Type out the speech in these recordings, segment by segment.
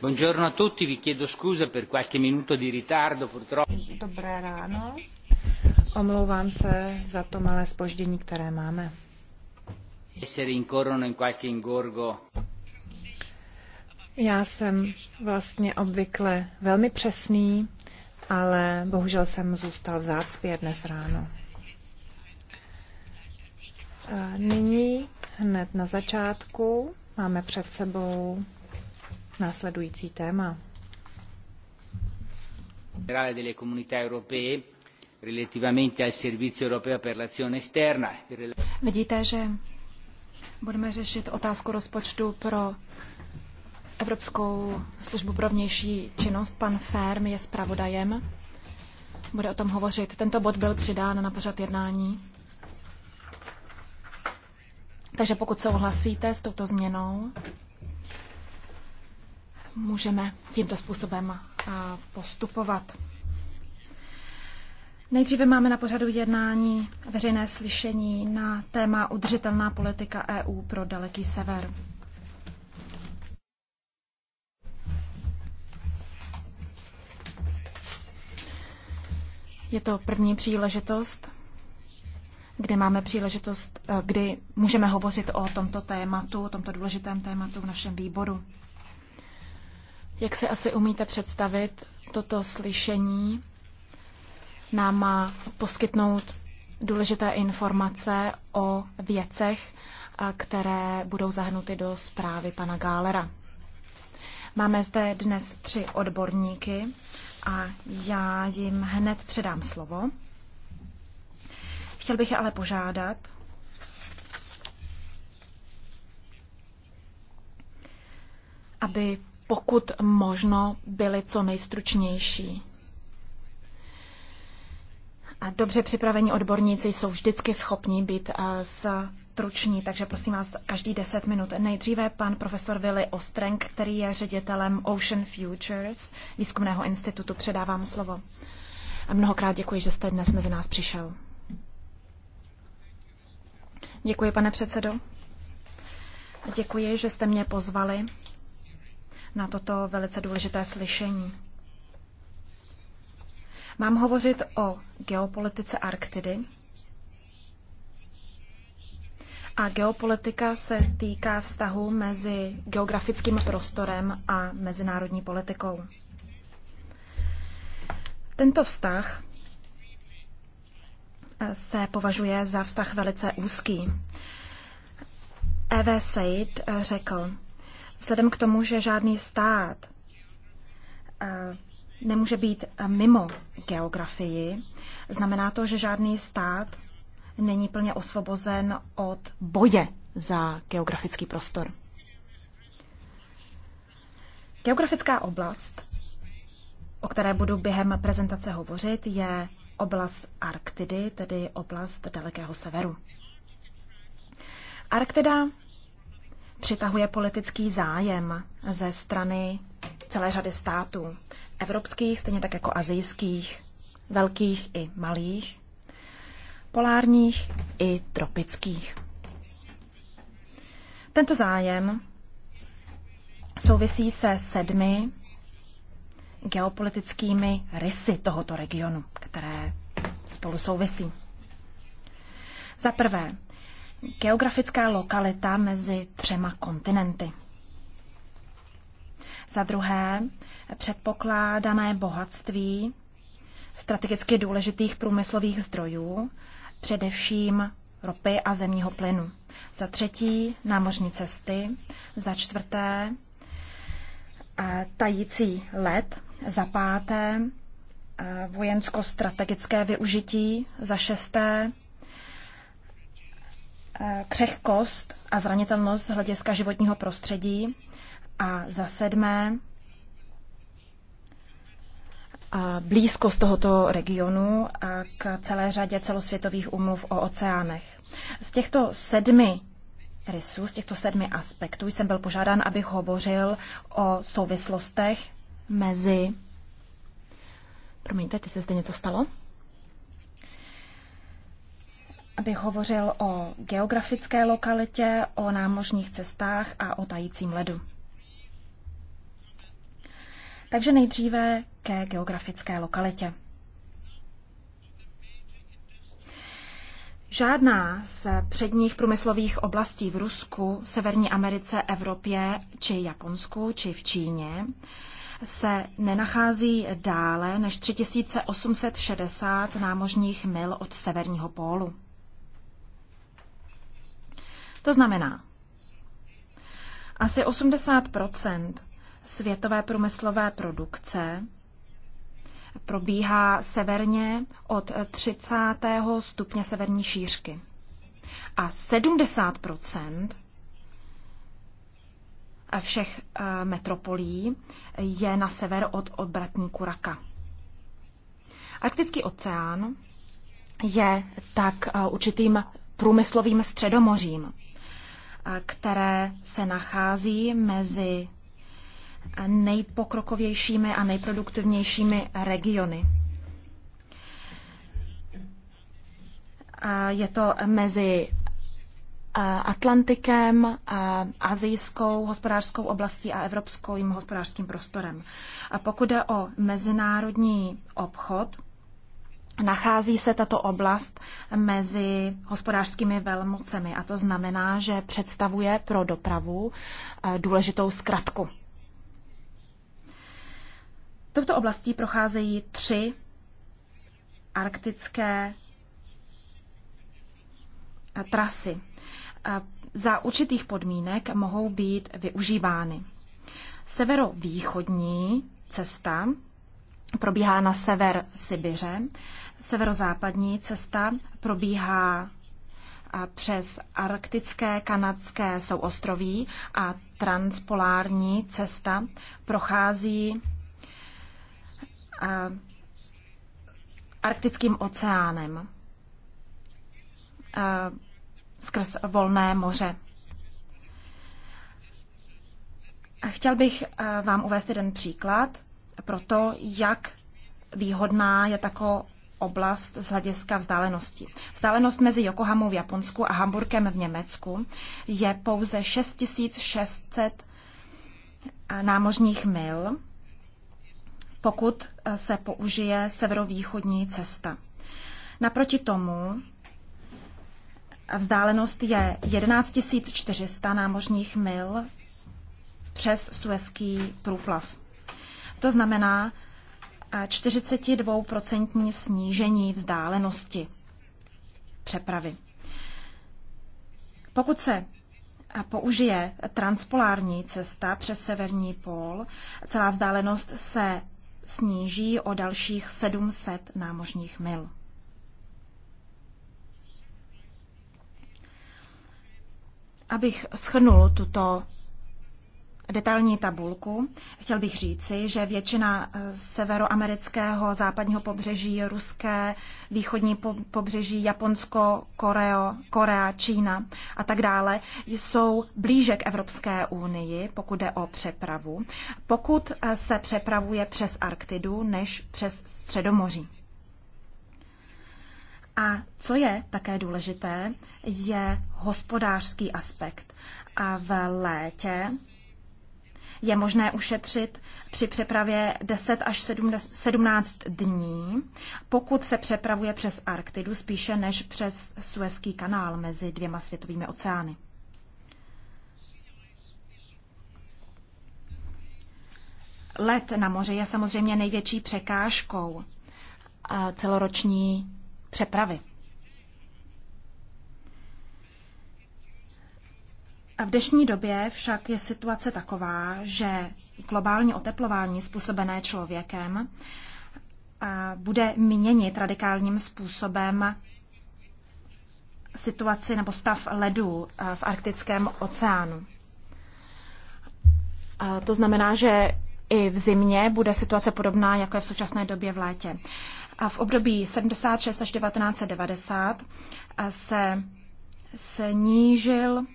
Buongiorno a tutti, vi chiedo scusa per qualche minuto di ritardo purtroppo. Dobré ráno. Omlouvám se za to malé spoždění, které máme. Essere in qualche ingorgo. Já jsem vlastně obvykle velmi přesný, ale bohužel jsem zůstal v zácpě dnes ráno. A nyní hned na začátku máme před sebou následující téma. delle comunità europee relativamente al servizio europeo per l'azione esterna. Vidíte, že budeme řešit otázku rozpočtu pro Evropskou službu pro vnější činnost. Pan Ferm je zpravodajem. Bude o tom hovořit. Tento bod byl přidán na pořad jednání. Takže pokud souhlasíte s touto změnou, můžeme tímto způsobem postupovat. Nejdříve máme na pořadu jednání veřejné slyšení na téma udržitelná politika EU pro daleký sever. Je to první příležitost, kde máme příležitost, e, kdy můžeme hovořit o tomto tématu, o tomto důležitém tématu v našem výboru. Jak se asi umíte představit, toto slyšení nám má poskytnout důležité informace o věcech, které budou zahrnuty do zprávy pana Gálera. Máme zde dnes tři odborníky a já jim hned předám slovo. Chtěl bych je ale požádat, aby pokud možno byli co nejstručnější. A dobře připravení odborníci jsou vždycky schopni být eh, struční, takže prosím vás každý 10 minut. Nejdříve pan profesor Willy Ostrenk, který je ředitelem Ocean Futures Výzkumného institutu. Předávám slovo. A mnohokrát děkuji, že jste dnes mezi nás přišel. Děkuji, pane předsedo. Děkuji, že jste mě pozvali na toto velice důležité slyšení. Mám hovořit o geopolitice Arktidy. A geopolitika se týká vztahu mezi geografickým prostorem a mezinárodní politikou. Tento vztah eh, se považuje za vztah velice úzký. E.V. Said eh, řekl, Vzhledem k tomu, že žádný stát eh, nemůže být mimo geografii, znamená to, že žádný stát není plně osvobozen od boje za geografický prostor. Geografická oblast, o které budu během prezentace hovořit, je oblast Arktidy, tedy oblast dalekého severu. Arktida přitahuje politický zájem ze strany celé řady států, evropských, stejně tak jako azijských, velkých i malých, polárních i tropických. Tento zájem souvisí se sedmi geopolitickými rysy tohoto regionu, které spolu souvisí. Za prvé, geografická lokalita mezi třema kontinenty. Za druhé, předpokládané bohatství strategicky důležitých průmyslových zdrojů, především ropy a zemního plynu. Za třetí, námořní cesty. Za čtvrté, tající led. Za páté, vojensko-strategické využití. Za šesté, Eh, křehkost a zranitelnost z hlediska životního prostředí a za sedmé a eh, blízkost tohoto regionu eh, k celé řadě celosvětových umluv o oceánech. Z těchto sedmi rysů, z těchto sedmi aspektů jsem byl požádán, abych hovořil o souvislostech mezi... Promiňte, ty se zde něco stalo? abych hovořil o geografické lokalitě, o námořních cestách a o tajícím ledu. Takže nejdříve ke geografické lokalitě. Žádná z předních průmyslových oblastí v Rusku, Severní Americe, Evropě či Japonsku či v Číně se nenachází dále než 3860 námořních mil od severního pólu. To znamená, asi 80 světové průmyslové produkce probíhá severně od 30. stupně severní šířky. A 70 všech eh, metropolí je na sever od obratníku Raka. Arktický oceán je tak eh, určitým průmyslovým středomořím které se nachází mezi nejpokrokovějšími a nejproduktivnějšími regiony. Je to mezi Atlantikem, azijskou hospodářskou oblastí a evropským hospodářským prostorem. A pokud jde o mezinárodní obchod, Nachází se tato oblast mezi hospodářskými velmocemi a to znamená, že představuje pro dopravu eh, důležitou zkratku. Touto oblastí procházejí tři arktické eh, trasy. Eh, za určitých podmínek mohou být využívány. Severovýchodní cesta probíhá na sever Sibiře. Severozápadní cesta probíhá přes arktické kanadské souostroví a transpolární cesta prochází arktickým oceánem skrz volné moře. Chtěl bych vám uvést jeden příklad pro to, jak výhodná je taková oblast z hlediska vzdálenosti. Vzdálenost mezi Yokohamou v Japonsku a Hamburkem v Německu je pouze 6600 eh, námořních mil, pokud eh, se použije severovýchodní cesta. Naproti tomu eh, vzdálenost je 11 400 námořních mil přes Suezký průplav. To znamená 42% eh, snížení vzdálenosti přepravy. Pokud se eh, použije transpolární cesta přes severní pól, celá vzdálenost se sníží o dalších 700 námořních mil. Abych shrnul tuto detailní tabulku. Chtěl bych říci, že většina eh, severoamerického západního pobřeží, ruské, východní pobřeží, Japonsko, Koreo, Korea, Čína a tak dále jsou blíže k Evropské unii, pokud jde o přepravu, pokud eh, se přepravuje přes Arktidu než přes Středomoří. A co je také důležité, je hospodářský aspekt. A v létě je možné ušetřit při přepravě 10 až 17 dní, pokud se přepravuje přes Arktidu spíše než přes Suezký kanál mezi dvěma světovými oceány. Let na moři je samozřejmě největší překážkou eh, celoroční přepravy. V dnešní době však je situace taková, že globální oteplování způsobené člověkem bude měnit radikálním způsobem situaci nebo stav ledu v arktickém oceánu. To znamená, že i v zimě bude situace podobná, jako je v současné době v létě. A v období 76 až 1990 se snížil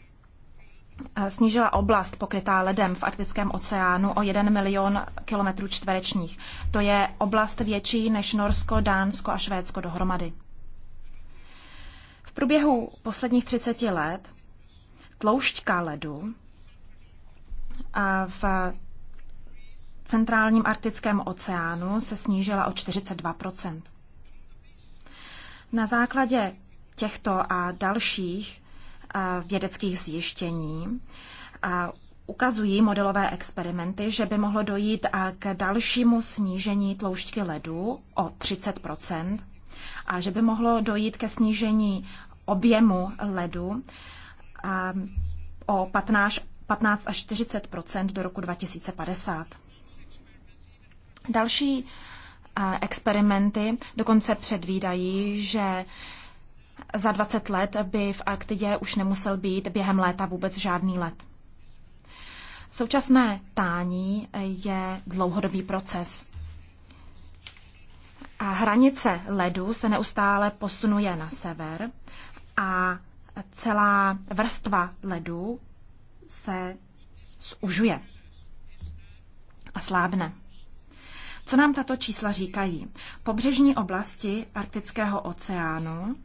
snížila oblast pokrytá ledem v Arktickém oceánu o 1 milion kilometrů čtverečních. To je oblast větší než Norsko, Dánsko a Švédsko dohromady. V průběhu posledních 30 let tloušťka ledu v centrálním arktickém oceánu se snížila o 42 Na základě těchto a dalších vědeckých zjištění ukazují modelové experimenty, že by mohlo dojít k dalšímu snížení tloušťky ledu o 30 a že by mohlo dojít ke snížení objemu ledu o 15, 15 až 40 do roku 2050. Další experimenty dokonce předvídají, že za 20 let by v Arktidě už nemusel být během léta vůbec žádný let. Současné tání je dlouhodobý proces. A hranice ledu se neustále posunuje na sever a celá vrstva ledu se zužuje a slábne. Co nám tato čísla říkají? Pobřežní oblasti Arktického oceánu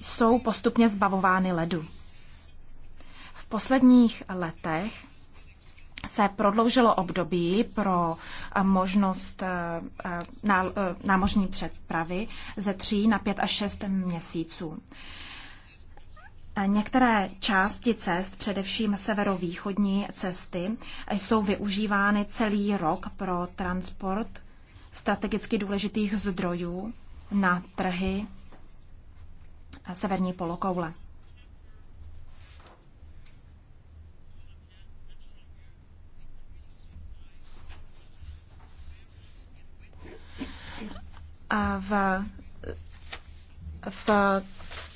jsou postupně zbavovány ledu. V posledních letech se prodloužilo období pro možnost eh, eh, eh, námořní přepravy ze 3 na 5 až 6 měsíců. Některé části cest, především severovýchodní cesty, jsou využívány celý rok pro transport strategicky důležitých zdrojů na trhy severní polokoule. A v, v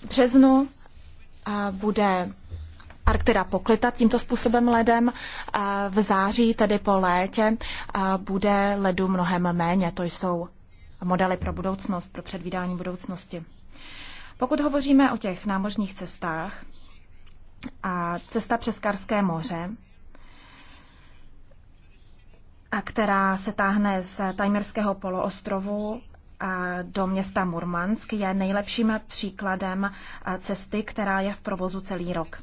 březnu bude Arktida poklita tímto způsobem ledem. V září, tedy po létě, bude ledu mnohem méně. To jsou modely pro budoucnost, pro předvídání budoucnosti. Pokud hovoříme o těch námořních cestách a cesta přes Karské moře, a která se táhne z Tajmerského poloostrovu do města Murmansk, je nejlepším příkladem cesty, která je v provozu celý rok.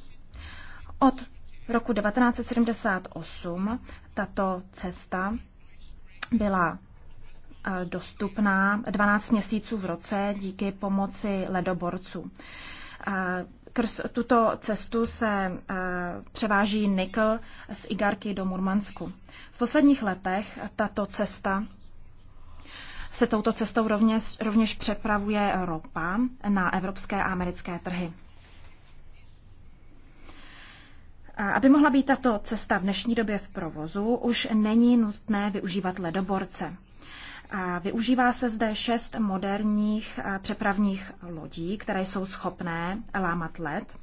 Od roku 1978 tato cesta byla dostupná 12 měsíců v roce díky pomoci ledoborců. Krz tuto cestu se e, převáží nikl z Igarky do Murmansku. V posledních letech tato cesta se touto cestou rovněž, rovněž přepravuje ropa na evropské a americké trhy. Aby mohla být tato cesta v dnešní době v provozu, už není nutné využívat ledoborce. A využívá se zde šest moderních eh, přepravních lodí, které jsou schopné lámat led.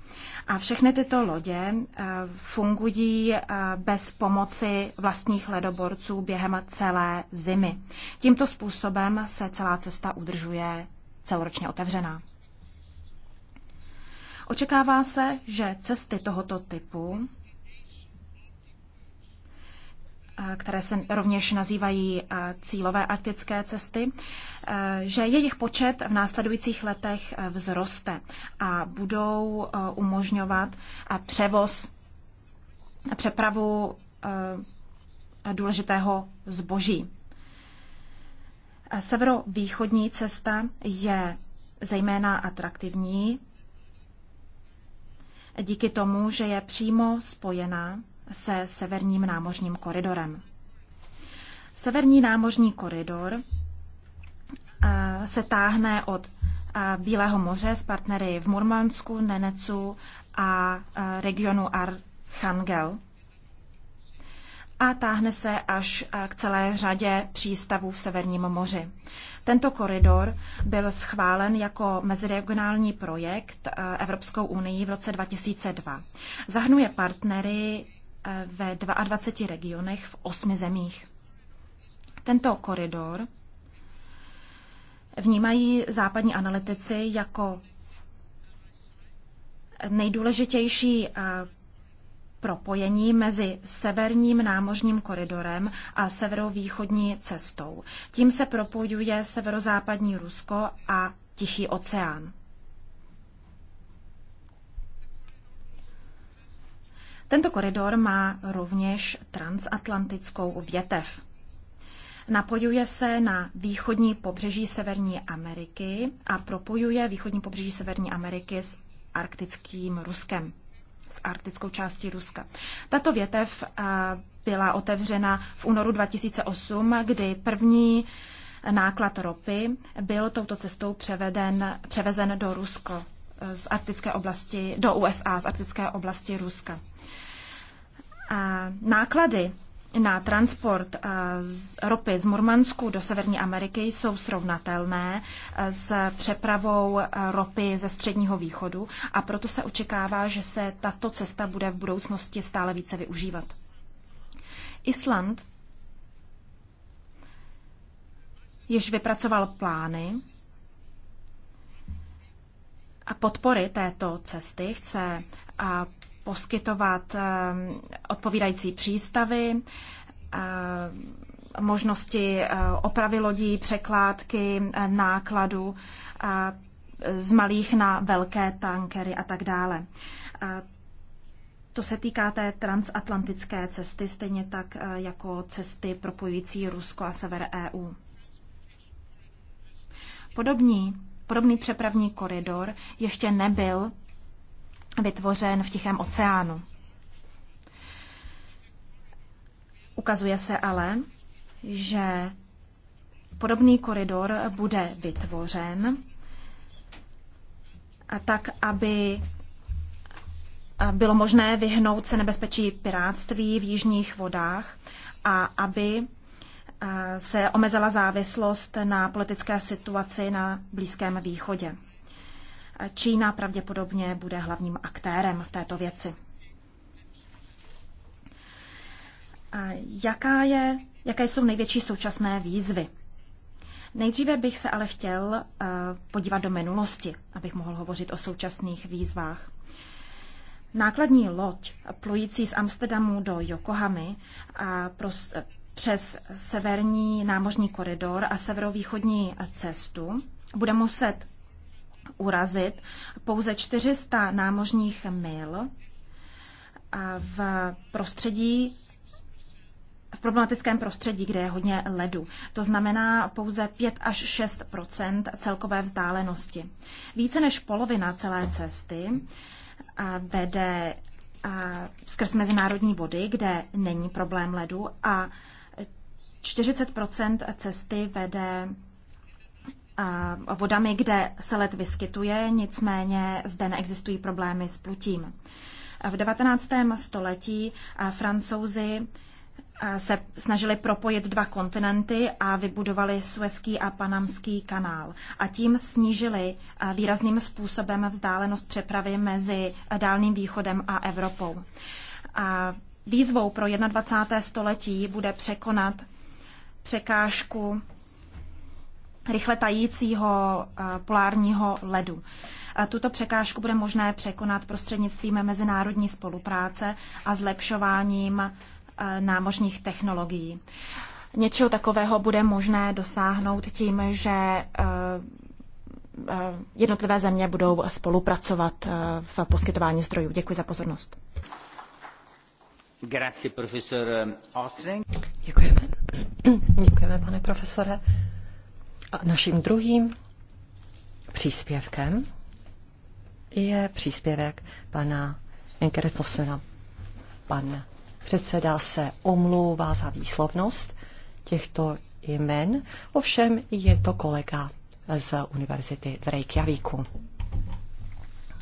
A všechny tyto lodě eh, fungují eh, bez pomoci vlastních ledoborců během celé zimy. Tímto způsobem se celá cesta udržuje celoročně otevřená. Očekává se, že cesty tohoto typu které se rovněž nazývají cílové arktické cesty, že jejich počet v následujících letech e, vzroste a budou e, umožňovat převoz, přepravu e, důležitého zboží. Severovýchodní cesta je zejména atraktivní díky tomu, že je přímo spojená se severním námořním koridorem. Severní námořní koridor eh, se táhne od eh, Bílého moře s partnery v Murmansku, Nenecu a eh, regionu Archangel. A táhne se až k celé řadě přístavů v Severním moři. Tento koridor byl schválen jako meziregionální projekt Evropskou unii v roce 2002. Zahnuje partnery ve 22 regionech v 8 zemích. Tento koridor vnímají západní analytici jako nejdůležitější eh, propojení mezi severním námořním koridorem a severovýchodní cestou. Tím se propojuje severozápadní Rusko a Tichý oceán. Tento koridor má rovněž transatlantickou větev. Napojuje se na východní pobřeží Severní Ameriky a propojuje východní pobřeží Severní Ameriky s arktickým Ruskem, s arktickou částí Ruska. Tato větev eh, byla otevřena v únoru 2008, kdy první náklad ropy byl touto cestou převeden, převezen do Rusko z arktické oblasti do USA, z arktické oblasti Ruska. A náklady na transport z ropy z Murmansku do Severní Ameriky jsou srovnatelné s přepravou ropy ze Středního východu a proto se očekává, že se tato cesta bude v budoucnosti stále více využívat. Island již vypracoval plány a podpory této cesty chce poskytovat eh, odpovídající přístavy, eh, možnosti eh, opravy lodí, překládky, nákladu z malých na velké tankery a tak dále. To se týká té transatlantické cesty, stejně tak jako cesty propojující Rusko a sever EU. Podobní podobný přepravní koridor ještě nebyl vytvořen v Tichém oceánu. Ukazuje se ale, že podobný koridor bude vytvořen a tak, aby bylo možné vyhnout se nebezpečí piráctví v jižních vodách a aby Eh, se omezila závislost na politické situaci na Blízkém východě. Eh, Čína pravděpodobně bude hlavním aktérem v této věci. Eh, jaká je, jaké jsou největší současné výzvy? Nejdříve bych se ale chtěl podívat do minulosti, abych mohl hovořit o současných výzvách. Nákladní loď plující z Amsterdamu do Yokohamy a pros, přes severní námořní koridor a severovýchodní cestu. Bude muset urazit pouze 400 námořních mil v prostředí v problematickém prostředí, kde je hodně ledu. To znamená pouze 5 až 6 celkové vzdálenosti. Více než polovina celé cesty vede skrz mezinárodní vody, kde není problém ledu a 40 cesty vede vodami, kde se let vyskytuje, nicméně zde neexistují problémy s plutím. V 19. století francouzi se snažili propojit dva kontinenty a vybudovali Suezký a Panamský kanál. A tím snížili výrazným způsobem vzdálenost přepravy mezi Dálným východem a Evropou. A výzvou pro 21. století bude překonat překážku rychle tajícího eh, polárního ledu. Eh, tuto překážku bude možné překonat prostřednictvím mezinárodní spolupráce a zlepšováním eh, námořních technologií. Něčeho takového bude možné dosáhnout tím, že jednotlivé země budou spolupracovat v poskytování zdrojů. Děkuji za pozornost. Grazie, profesor Ostring. Děkujeme. Děkujeme, pane profesore. A naším druhým příspěvkem je příspěvek pana Enkerefosena. Pan předseda se omlouvá za výslovnost těchto jmen, ovšem je to kolega z Univerzity v Reykjavíku.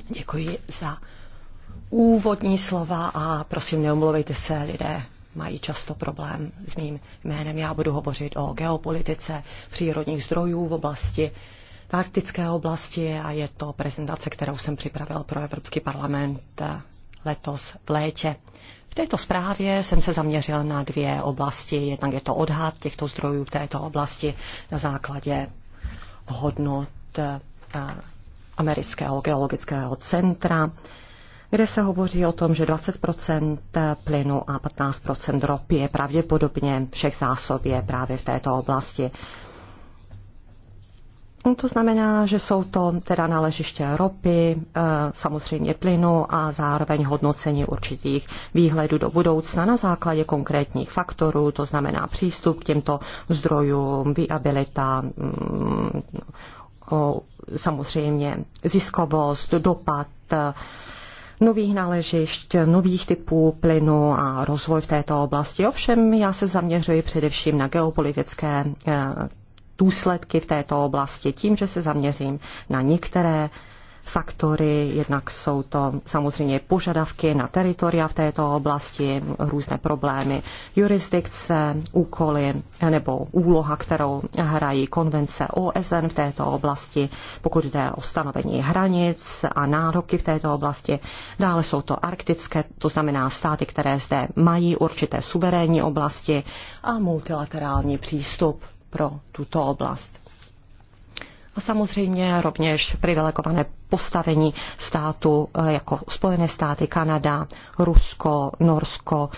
Děkuji za úvodní slova a prosím, neomluvejte se lidé mají často problém s mým jménem. Já budu hovořit o geopolitice, přírodních zdrojů v oblasti v arktické oblasti a je to prezentace, kterou jsem připravil pro Evropský parlament eh, letos v létě. V této zprávě jsem se zaměřil na dvě oblasti. Jednak je to odhad těchto zdrojů v této oblasti na základě hodnot eh, amerického geologického centra kde se hovoří o tom, že 20 plynu a 15 ropy je pravděpodobně všech zásob je právě v této oblasti. to znamená, že jsou to teda naležiště ropy, eh, samozřejmě plynu a zároveň hodnocení určitých výhledů do budoucna na základě konkrétních faktorů, to znamená přístup k těmto zdrojům, viabilita, mm, samozřejmě ziskovost, dopad nových náležišť, nových typů plynu a rozvoj v této oblasti. Ovšem já se zaměřuji především na geopolitické eh, důsledky v této oblasti tím, že se zaměřím na některé faktory, jednak jsou to samozřejmě požadavky na teritoria v této oblasti, různé problémy jurisdikce, úkoly nebo úloha, kterou hrají konvence OSN v této oblasti, pokud jde o stanovení hranic a nároky v této oblasti. Dále jsou to arktické, to znamená státy, které zde mají určité suverénní oblasti a multilaterální přístup pro tuto oblast. A samozřejmě rovněž privilegované postavení státu eh, jako Spojené státy, Kanada, Rusko, Norsko,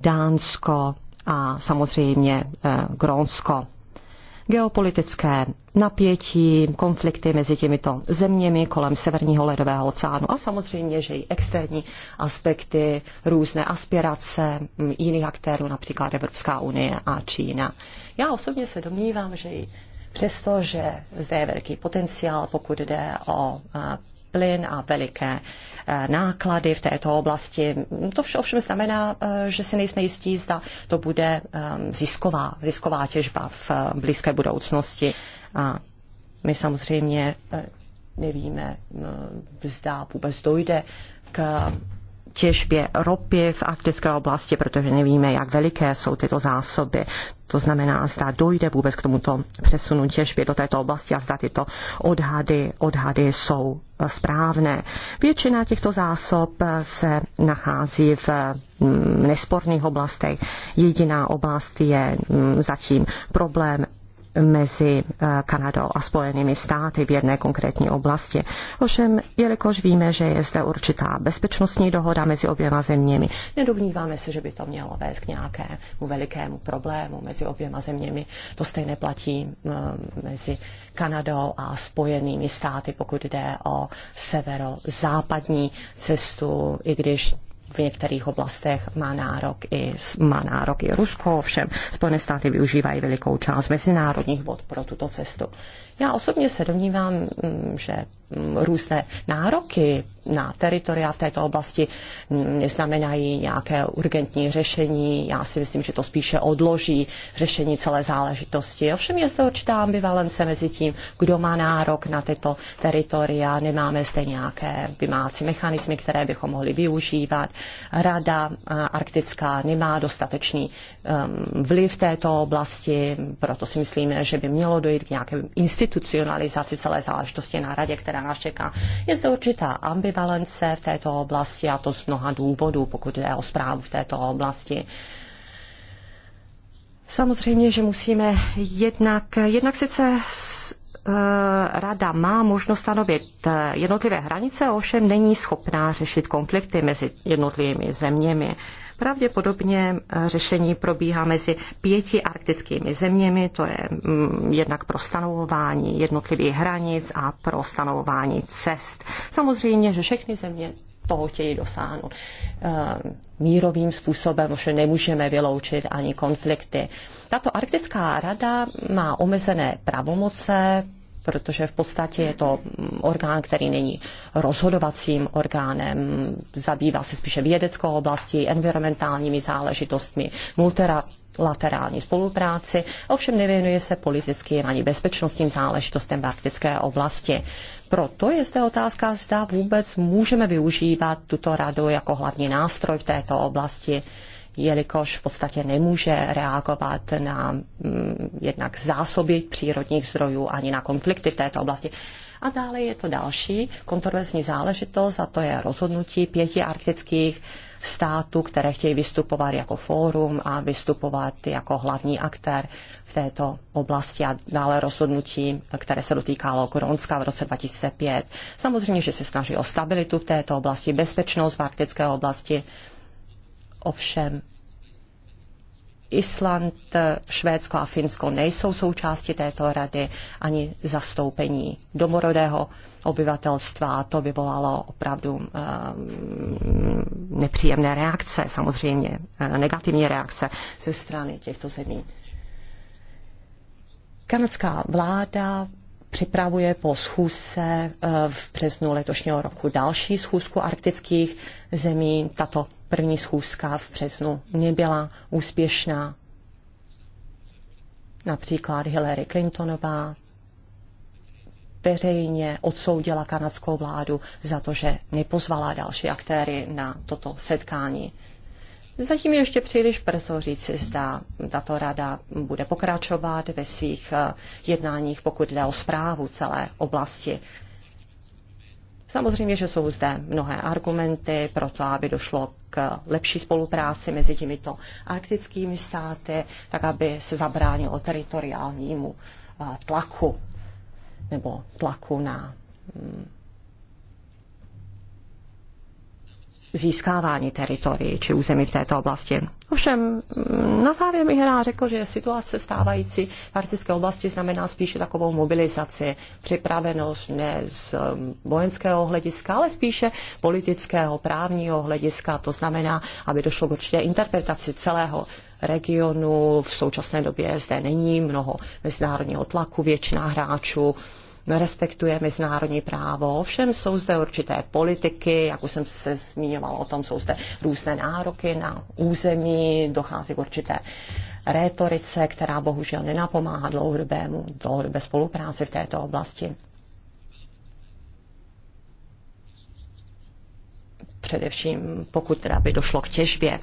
Dánsko a samozřejmě eh, Grónsko geopolitické napětí, konflikty mezi těmito zeměmi kolem Severního ledového oceánu a samozřejmě, že i externí aspekty, různé aspirace jiných aktérů, například Evropská unie a Čína. Já osobně se domnívám, že i Přestože zde je velký potenciál, pokud jde o plyn a veliké náklady v této oblasti. To vše ovšem znamená, že si nejsme jistí, zda to bude zisková, zisková těžba v blízké budoucnosti. A my samozřejmě nevíme, zda vůbec dojde k těžbě ropy v arktické oblasti, protože nevíme, jak veliké jsou tyto zásoby. To znamená, zda dojde vůbec k tomuto přesunu těžby do této oblasti a zda tyto odhady, odhady jsou správné. Většina těchto zásob se nachází v mm, nesporných oblastech. Jediná oblast je mm, zatím problém mezi eh, Kanadou a Spojenými státy v jedné konkrétní oblasti. Ovšem, jelikož víme, že je zde určitá bezpečnostní dohoda mezi oběma zeměmi, nedomníváme se, že by to mělo vést k nějakému velikému problému mezi oběma zeměmi. To stejně platí eh, mezi Kanadou a Spojenými státy, pokud jde o severozápadní cestu, i když v některých oblastech má nárok i, má nárok i Rusko, ovšem Spojené státy využívají velikou část mezinárodních vod pro tuto cestu. Já osobně se domnívám, mm, že Mm, různé nároky na teritoria v této oblasti mm, neznamenají nějaké urgentní řešení. Já si myslím, že to spíše odloží řešení celé záležitosti. Ovšem je zde určitá ambivalence mezi tím, kdo má nárok na tyto teritoria. Nemáme zde nějaké vymácí mechanismy, které bychom mohli využívat. Rada eh, arktická nemá dostatečný ehm, vliv této oblasti, proto si myslíme, že by mělo dojít k nějaké institucionalizaci celé záležitosti na radě, která která nás čeká. Je zde určitá ambivalence v této oblasti a to z mnoha důvodů, pokud jde o zprávu v této oblasti. Samozřejmě, že musíme jednak, jednak sice eh, rada má možnost stanovit eh, jednotlivé hranice, ovšem není schopná řešit konflikty mezi jednotlivými zeměmi. Pravděpodobně eh, řešení probíhá mezi pěti arktickými zeměmi, to je mm, jednak pro stanovování jednotlivých hranic a pro stanovování cest. Samozřejmě, že všechny země toho chtějí dosáhnout. Eh, mírovým způsobem už nemůžeme vyloučit ani konflikty. Tato arktická rada má omezené pravomoce, protože v podstatě je to orgán, který není rozhodovacím orgánem, zabývá se spíše vědeckou oblastí, environmentálními záležitostmi, multilaterální spolupráci, ovšem nevěnuje se politickým ani bezpečnostním záležitostem v arktické oblasti. Proto je zde otázka, zda vůbec můžeme využívat tuto radu jako hlavní nástroj v této oblasti jelikož v podstatě nemůže reagovat na mm, jednak zásoby přírodních zdrojů ani na konflikty v této oblasti. A dále je to další kontroverzní záležitost a to je rozhodnutí pěti arktických států, které chtějí vystupovat jako fórum a vystupovat jako hlavní aktér v této oblasti a dále rozhodnutí, které se dotýkalo Koronska v roce 2005. Samozřejmě, že se snaží o stabilitu v této oblasti, bezpečnost v arktické oblasti, Ovšem Island, Švédsko a Finsko nejsou součástí této rady ani zastoupení domorodého obyvatelstva. To volalo opravdu uh, nepříjemné reakce, samozřejmě eh, negativní reakce ze strany těchto zemí. Kanadská vláda připravuje po schůzce eh, v březnu letošního roku další schůzku arktických zemí. Tato první schůzka v březnu nebyla úspěšná. Například Hillary Clintonová veřejně odsoudila kanadskou vládu za to, že nepozvala další aktéry na toto setkání. Zatím je ještě příliš brzo říci, zda tato rada bude pokračovat ve svých eh, jednáních, pokud jde o zprávu celé oblasti. Samozřejmě, že jsou zde mnohé argumenty pro to, aby došlo k lepší spolupráci mezi těmito arktickými státy, tak aby se zabránilo teritoriálnímu eh, tlaku nebo tlaku na mm, získávání teritorií či území v této oblasti. Ovšem, mm, na závěr mi rád řekl, že situace stávající v arktické oblasti znamená spíše takovou mobilizaci, připravenost ne z mm, vojenského hlediska, ale spíše politického, právního hlediska. To znamená, aby došlo k určité interpretaci celého regionu. V současné době zde není mnoho mezinárodního tlaku, většina hráčů nerespektuje mezinárodní právo, ovšem jsou zde určité politiky, jak už jsem se zmiňovala o tom, jsou zde různé nároky na území, dochází k určité rétorice, která bohužel nenapomáhá dlouhodobému, dlouhodobé spolupráci v této oblasti. Především pokud teda by došlo k těžbě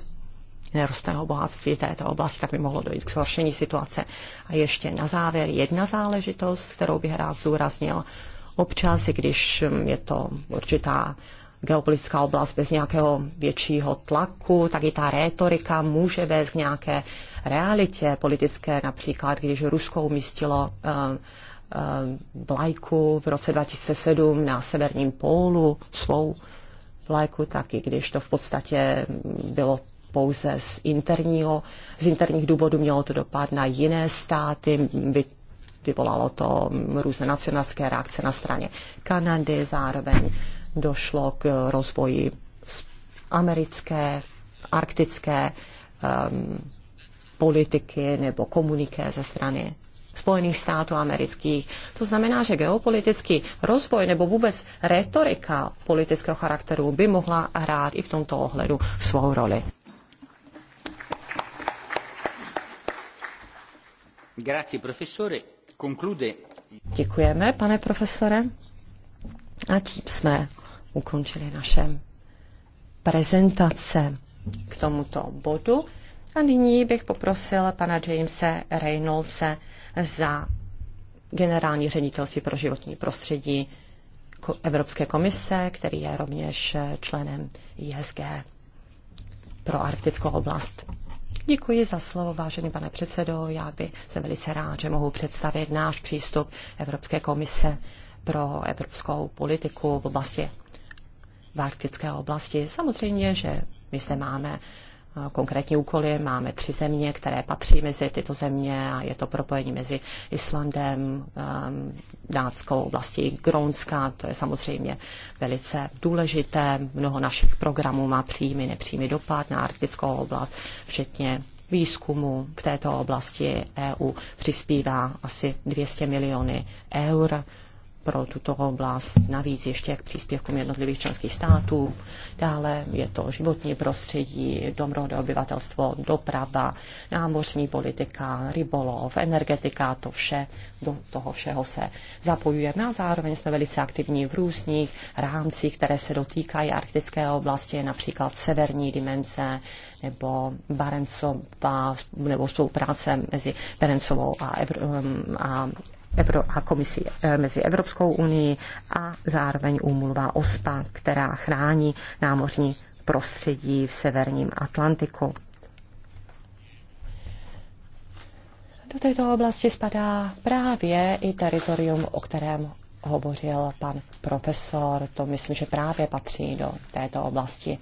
nerostného bohatství v této oblasti, tak by mohlo dojít k zhoršení situace. A ještě na závěr jedna záležitost, kterou bych rád zdůraznil. Občas, i když mm, je to určitá geopolitická oblast bez nějakého většího tlaku, tak i ta rétorika může vést k nějaké realitě politické, například když Rusko umístilo eh, eh, vlajku v roce 2007 na severním pólu, svou vlajku, tak i když to v podstatě bylo pouze z, interního, z interních důvodů, mělo to dopad na jiné státy, by vyvolalo to různé nacionalské reakce na straně Kanady, zároveň došlo k rozvoji americké, arktické um, politiky nebo komuniké ze strany Spojených států amerických. To znamená, že geopolitický rozvoj nebo vůbec retorika politického charakteru by mohla hrát i v tomto ohledu svou roli. profesore. Děkujeme, pane profesore. A tím jsme ukončili naše prezentace k tomuto bodu. A nyní bych poprosil pana Jamese Reynoldse za generální ředitelství pro životní prostředí Evropské komise, který je rovněž členem ISG pro arktickou oblast. Děkuji za slovo, vážený pane předsedo. Já bych jsem velice rád, že mohu představit náš přístup Evropské komise pro evropskou politiku v oblasti v arktické oblasti. Samozřejmě, že my zde máme konkrétní úkoly. Máme tři země, které patří mezi tyto země a je to propojení mezi Islandem, ehm, Dánskou oblastí Grónska. To je samozřejmě velice důležité. Mnoho našich programů má příjmy, nepříjmy dopad na arktickou oblast, včetně výzkumu v této oblasti EU přispívá asi 200 miliony eur pro tuto oblast, navíc ještě k příspěvkům jednotlivých členských států. Dále je to životní prostředí, domorodé obyvatelstvo, doprava, námořní politika, rybolov, energetika, to vše, do toho všeho se zapojuje. a zároveň jsme velice aktivní v různých rámcích, které se dotýkají arktické oblasti, například severní dimenze, nebo Barencová, nebo spolupráce mezi Barencovou a, Evr- a Evro- a komisí eh, mezi Evropskou unii a zároveň úmluva OSPA, která chrání námořní prostředí v severním Atlantiku. Do této oblasti spadá právě i teritorium, o kterém hovořil pan profesor. To myslím, že právě patří do této oblasti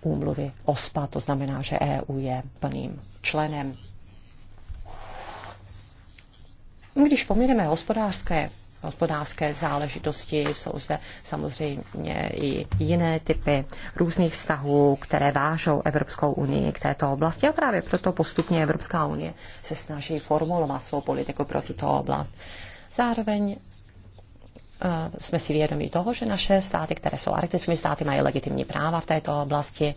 úmluvy OSPA, to znamená, že EU je plným členem když pomineme hospodářské hospodářské záležitosti, jsou zde samozřejmě i jiné typy různých vztahů, které vážou Evropskou unii k této oblasti a právě proto postupně Evropská unie se snaží formulovat svou politiku pro tuto oblast. Zároveň eh, jsme si vědomi toho, že naše státy, které jsou arktickými státy, mají legitimní práva v této oblasti.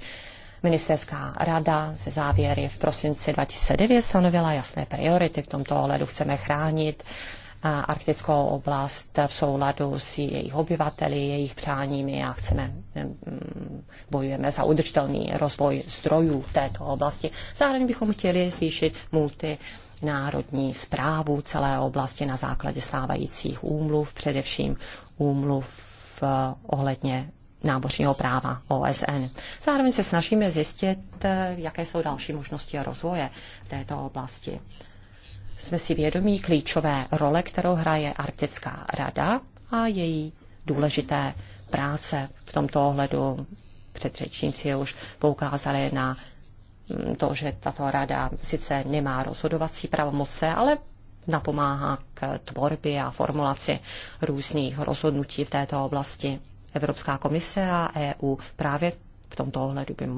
Ministerská rada se závěry v prosinci 2009 stanovila jasné priority. V tomto ohledu chceme chránit arktickou oblast v souladu s jejich obyvateli, jejich přáními a chceme, bojujeme za udržitelný rozvoj zdrojů v této oblasti. Zároveň bychom chtěli zvýšit multi národní zprávu celé oblasti na základě stávajících úmluv, především úmluv eh, ohledně nábořního práva OSN. Zároveň se snažíme zjistit, eh, jaké jsou další možnosti rozvoje v této oblasti. Jsme si vědomí klíčové role, kterou hraje Arktická rada a její důležité práce v tomto ohledu. Předřečníci už poukázali na mm, to, že tato rada sice nemá rozhodovací pravomoce, ale napomáhá k tvorbě a formulaci různých rozhodnutí v této oblasti. Evropská komise a EU právě v tomto ohledu by